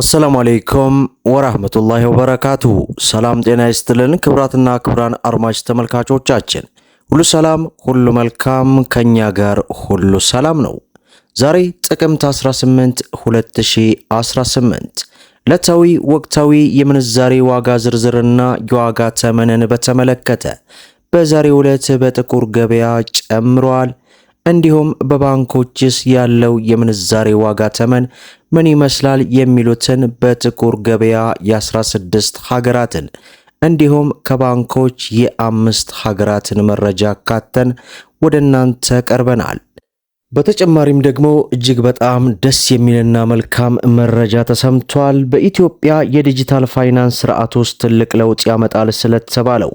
አሰላሙ አለይኩም ወራህመቱላሂ ወበረካቱሁ። ሰላም ጤና ይስጥልን ክብራትና ክብራን አድማጭ ተመልካቾቻችን ሁሉ ሰላም ሁሉ መልካም፣ ከኛ ጋር ሁሉ ሰላም ነው። ዛሬ ጥቅምት 18 2018 ዕለታዊ ወቅታዊ የምንዛሬ ዋጋ ዝርዝርና የዋጋ ተመንን በተመለከተ በዛሬው ዕለት በጥቁር ገበያ ጨምሯል። እንዲሁም በባንኮችስ ያለው የምንዛሬ ዋጋ ተመን ምን ይመስላል የሚሉትን በጥቁር ገበያ የ16 ሀገራትን እንዲሁም ከባንኮች የአምስት ሀገራትን መረጃ አካተን ወደ እናንተ ቀርበናል። በተጨማሪም ደግሞ እጅግ በጣም ደስ የሚልና መልካም መረጃ ተሰምቷል። በኢትዮጵያ የዲጂታል ፋይናንስ ስርዓት ውስጥ ትልቅ ለውጥ ያመጣል ስለተባለው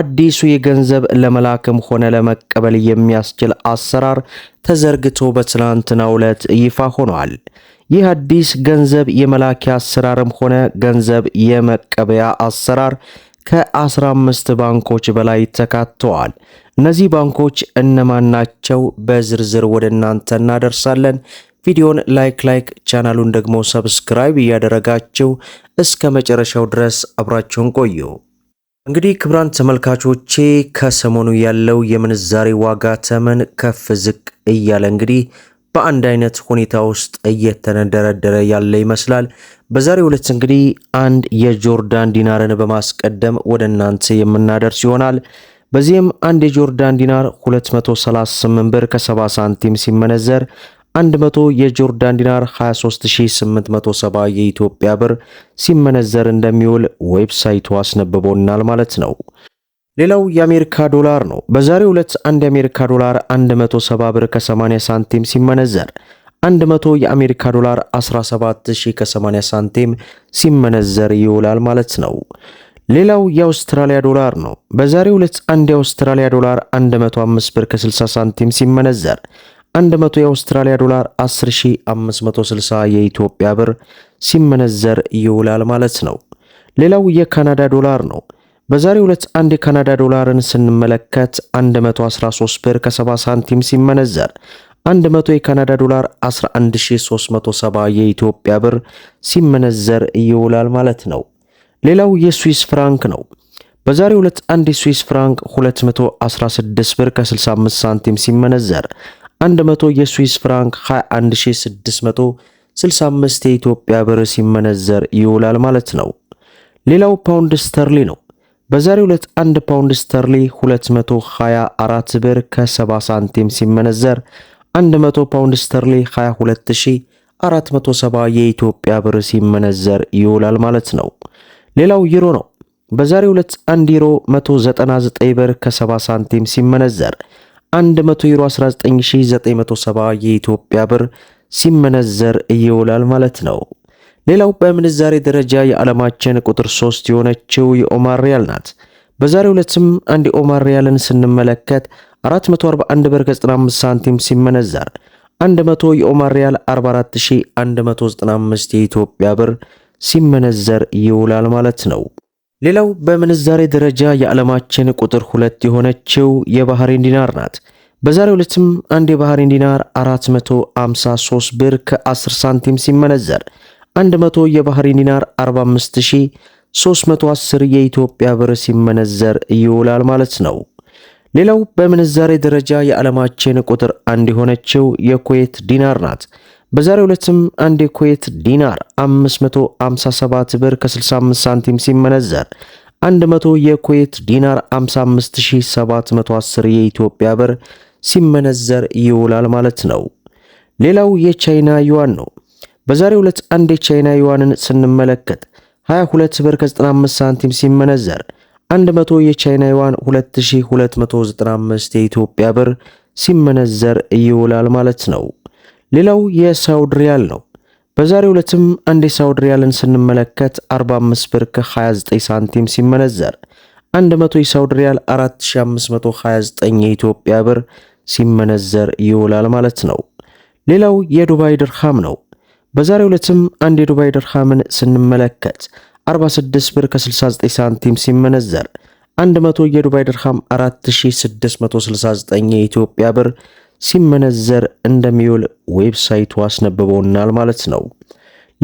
አዲሱ የገንዘብ ለመላክም ሆነ ለመቀበል የሚያስችል አሰራር ተዘርግቶ በትናንትናው ዕለት ይፋ ሆኗል። ይህ አዲስ ገንዘብ የመላኪያ አሰራርም ሆነ ገንዘብ የመቀበያ አሰራር ከ15 ባንኮች በላይ ተካተዋል። እነዚህ ባንኮች እነማን ናቸው? በዝርዝር ወደ እናንተ እናደርሳለን። ቪዲዮን ላይክ ላይክ ቻናሉን ደግሞ ሰብስክራይብ እያደረጋችሁ እስከ መጨረሻው ድረስ አብራችሁን ቆዩ። እንግዲህ ክብራን ተመልካቾቼ ከሰሞኑ ያለው የምንዛሬ ዋጋ ተመን ከፍ ዝቅ እያለ እንግዲህ በአንድ አይነት ሁኔታ ውስጥ እየተንደረደረ ያለ ይመስላል። በዛሬው ዕለት እንግዲህ አንድ የጆርዳን ዲናርን በማስቀደም ወደ እናንተ የምናደርስ ይሆናል። በዚህም አንድ የጆርዳን ዲናር 238 ብር ከ70 ሳንቲም ሲመነዘር 100 የጆርዳን ዲናር 23870 የኢትዮጵያ ብር ሲመነዘር እንደሚውል ዌብሳይቱ አስነብቦናል ማለት ነው። ሌላው የአሜሪካ ዶላር ነው። በዛሬው ዕለት አንድ የአሜሪካ ዶላር 170 ብር ከ80 ሳንቲም ሲመነዘር 100 የአሜሪካ ዶላር 17,80 ሳንቲም ሲመነዘር ይውላል ማለት ነው። ሌላው የአውስትራሊያ ዶላር ነው። በዛሬው ዕለት አንድ የአውስትራሊያ ዶላር 105 ብር ከ60 ሳንቲም ሲመነዘር 100 የአውስትራሊያ ዶላር 10560 የኢትዮጵያ ብር ሲመነዘር ይውላል ማለት ነው። ሌላው የካናዳ ዶላር ነው። በዛሬ ሁለት አንድ የካናዳ ዶላርን ስንመለከት 113 ብር ከ70 ሳንቲም ሲመነዘር 100 የካናዳ ዶላር 11370 የኢትዮጵያ ብር ሲመነዘር ይውላል ማለት ነው። ሌላው የስዊስ ፍራንክ ነው። በዛሬ ሁለት አንድ የስዊስ ፍራንክ 216 ብር ከ65 ሳንቲም ሲመነዘር 100 የስዊስ ፍራንክ 21665 የኢትዮጵያ ብር ሲመነዘር ይውላል ማለት ነው። ሌላው ፓውንድ ስተርሊ ነው። በዛሬው ዕለት 1 ፓውንድ ስተርሊ 224 ብር ከ70 ሳንቲም ሲመነዘር 100 ፓውንድ ስተርሊ 22470 የኢትዮጵያ ብር ሲመነዘር ይውላል ማለት ነው። ሌላው ዩሮ ነው። በዛሬው ዕለት 1 ዩሮ 199 ብር ከ70 ሳንቲም ሲመነዘር 100 ዩሮ 19970 የኢትዮጵያ ብር ሲመነዘር ይውላል ማለት ነው። ሌላው በምንዛሬ ደረጃ የዓለማችን ቁጥር 3 የሆነችው የኦማር ሪያል ናት። በዛሬ ዕለትም አንድ የኦማር ሪያልን ስንመለከት 441 ብር ከ95 ሳንቲም ሲመነዘር 100 የኦማር ሪያል 44195 የኢትዮጵያ ብር ሲመነዘር ይውላል ማለት ነው። ሌላው በምንዛሬ ደረጃ የዓለማችን ቁጥር ሁለት የሆነችው የባህሬን ዲናር ናት። በዛሬው ዕለትም አንድ የባህሬን ዲናር 453 ብር ከ10 ሳንቲም ሲመነዘር 100 የባህሪን ዲናር 45310 የኢትዮጵያ ብር ሲመነዘር ይውላል ማለት ነው። ሌላው በምንዛሬ ደረጃ የዓለማችን ቁጥር አንድ የሆነችው የኩዌት ዲናር ናት። በዛሬው ዕለትም አንድ የኩዌት ዲናር 557 ብር ከ65 ሳንቲም ሲመነዘር 100 የኩዌት ዲናር 55710 የኢትዮጵያ ብር ሲመነዘር ይውላል ማለት ነው። ሌላው የቻይና ዩዋን ነው። በዛሬው ዕለት አንድ የቻይና ዩዋንን ስንመለከት 22 ብር ከ95 ሳንቲም ሲመነዘር 100 የቻይና ዩዋን 2295 የኢትዮጵያ ብር ሲመነዘር ይውላል ማለት ነው። ሌላው የሳውዲ ሪያል ነው። በዛሬው ዕለትም አንድ የሳውዲ ሪያልን ስንመለከት 45 ብር ከ29 ሳንቲም ሲመነዘር 100 የሳውዲ ሪያል 4529 የኢትዮጵያ ብር ሲመነዘር ይውላል ማለት ነው። ሌላው የዱባይ ድርሃም ነው። በዛሬው ዕለትም አንድ የዱባይ ድርሃምን ስንመለከት 46 ብር ከ69 ሳንቲም ሲመነዘር 100 የዱባይ ድርሃም 4669 የኢትዮጵያ ብር ሲመነዘር እንደሚውል ዌብሳይቱ አስነብበውናል ማለት ነው።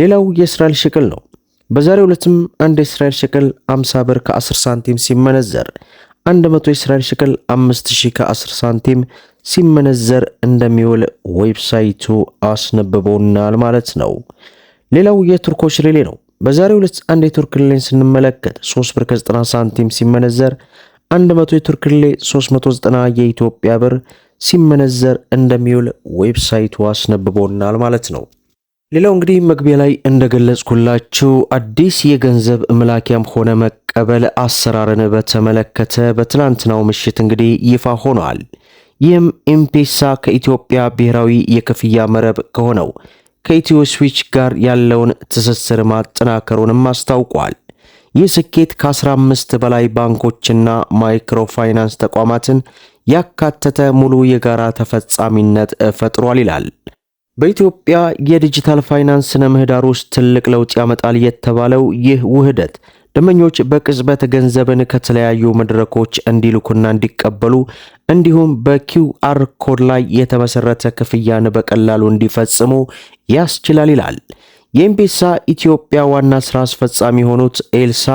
ሌላው የእስራኤል ሽቅል ነው። በዛሬው ዕለትም አንድ የእስራኤል ሽቅል 50 ብር ከ10 ሳንቲም ሲመነዘር 100 የእስራኤል ሽቅል 5000 ከ10 ሳንቲም ሲመነዘር እንደሚውል ዌብሳይቱ አስነብቦናል ማለት ነው። ሌላው የቱርኮች ሪሌ ነው። በዛሬው ዕለት አንድ የቱርክ ሪሌን ስንመለከት 3 ብር ከ90 ሳንቲም ሲመነዘር 100 የቱርክ ሪሌ 390 የኢትዮጵያ ብር ሲመነዘር እንደሚውል ዌብሳይቱ አስነብቦናል ማለት ነው። ሌላው እንግዲህ መግቢያ ላይ እንደገለጽኩላችሁ አዲስ የገንዘብ መላኪያም ሆነ መቀበል አሰራርን በተመለከተ በትናንትናው ምሽት እንግዲህ ይፋ ሆኗል። ይህም ኤምፔሳ ከኢትዮጵያ ብሔራዊ የክፍያ መረብ ከሆነው ከኢትዮ ስዊች ጋር ያለውን ትስስር ማጠናከሩንም አስታውቋል። ይህ ስኬት ከ15 በላይ ባንኮችና ማይክሮፋይናንስ ተቋማትን ያካተተ ሙሉ የጋራ ተፈጻሚነት ፈጥሯል ይላል። በኢትዮጵያ የዲጂታል ፋይናንስ ስነ ምህዳር ውስጥ ትልቅ ለውጥ ያመጣል የተባለው ይህ ውህደት ደንበኞች በቅጽበት ገንዘብን ከተለያዩ መድረኮች እንዲልኩና እንዲቀበሉ እንዲሁም በኪውአር ኮድ ላይ የተመሰረተ ክፍያን በቀላሉ እንዲፈጽሙ ያስችላል ይላል የኤምፔሳ ኢትዮጵያ ዋና ስራ አስፈጻሚ የሆኑት ኤልሳ።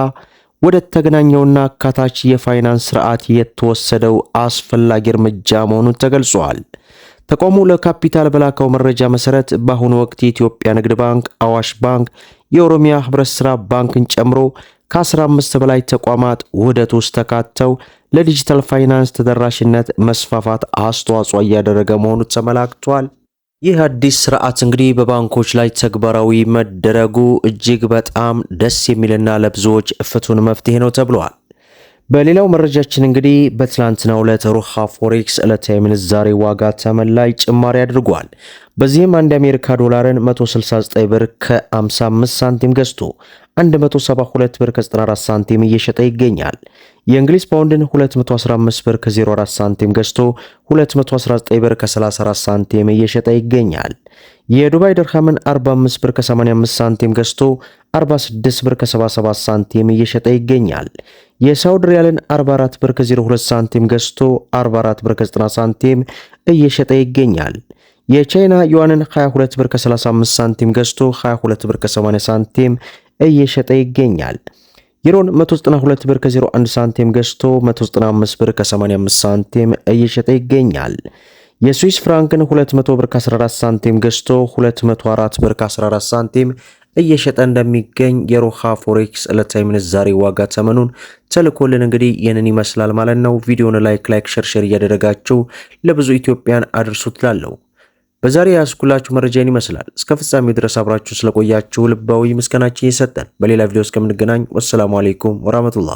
ወደ ተገናኘውና አካታች የፋይናንስ ስርዓት የተወሰደው አስፈላጊ እርምጃ መሆኑን ተገልጿል። ተቋሙ ለካፒታል በላከው መረጃ መሰረት በአሁኑ ወቅት የኢትዮጵያ ንግድ ባንክ፣ አዋሽ ባንክ፣ የኦሮሚያ ህብረት ስራ ባንክን ጨምሮ ከ15 በላይ ተቋማት ውህደት ውስጥ ተካተው ለዲጂታል ፋይናንስ ተደራሽነት መስፋፋት አስተዋጽኦ እያደረገ መሆኑ ተመላክቷል። ይህ አዲስ ስርዓት እንግዲህ በባንኮች ላይ ተግባራዊ መደረጉ እጅግ በጣም ደስ የሚልና ለብዙዎች ፍቱን መፍትሄ ነው ተብሏል። በሌላው መረጃችን እንግዲህ በትላንትናው ዕለት ሩሃ ፎሬክስ ዕለታዊ የምንዛሬ ዋጋ ተመን ላይ ጭማሪ አድርጓል። በዚህም አንድ የአሜሪካ ዶላርን 169 ብር ከ55 ሳንቲም ገዝቶ 172 ብር ከ94 ሳንቲም እየሸጠ ይገኛል። የእንግሊዝ ፓውንድን 215 ብር ከ04 ሳንቲም ገዝቶ 219 ብር ከ34 ሳንቲም እየሸጠ ይገኛል። የዱባይ ድርሃምን 45 ብር ከ85 ሳንቲም ገዝቶ 46 ብር ከ77 ሳንቲም እየሸጠ ይገኛል። የሳውዲ ሪያልን 44 ብር ከ02 ሳንቲም ገዝቶ 44 ብር ከ90 ሳንቲም እየሸጠ ይገኛል። የቻይና ዩዋንን 22 ብር ከ35 ሳንቲም ገዝቶ 22 ብር ከ80 ሳንቲም እየሸጠ ይገኛል። ዩሮን 192 ብር ከ01 ሳንቲም ገዝቶ 195 ብር ከ85 ሳንቲም እየሸጠ ይገኛል። የስዊስ ፍራንክን 200 ብር ከ14 ሳንቲም ገዝቶ 204 ብር ከ14 ሳንቲም እየሸጠ እንደሚገኝ የሮሃ ፎሬክስ ዕለታዊ ምንዛሬ ዋጋ ተመኑን ተልኮልን እንግዲህ ይህንን ይመስላል ማለት ነው። ቪዲዮን ላይክ ላይክ ሸርሸር እያደረጋችሁ ለብዙ ኢትዮጵያን አድርሱት ላለው በዛሬ ያስኩላችሁ መረጃን ይመስላል። እስከ ፍጻሜው ድረስ አብራችሁ ስለቆያችሁ ልባዊ ምስጋናችን ይሰጠን። በሌላ ቪዲዮ እስከምንገናኝ ወሰላሙ አሌይኩም ወራህመቱላህ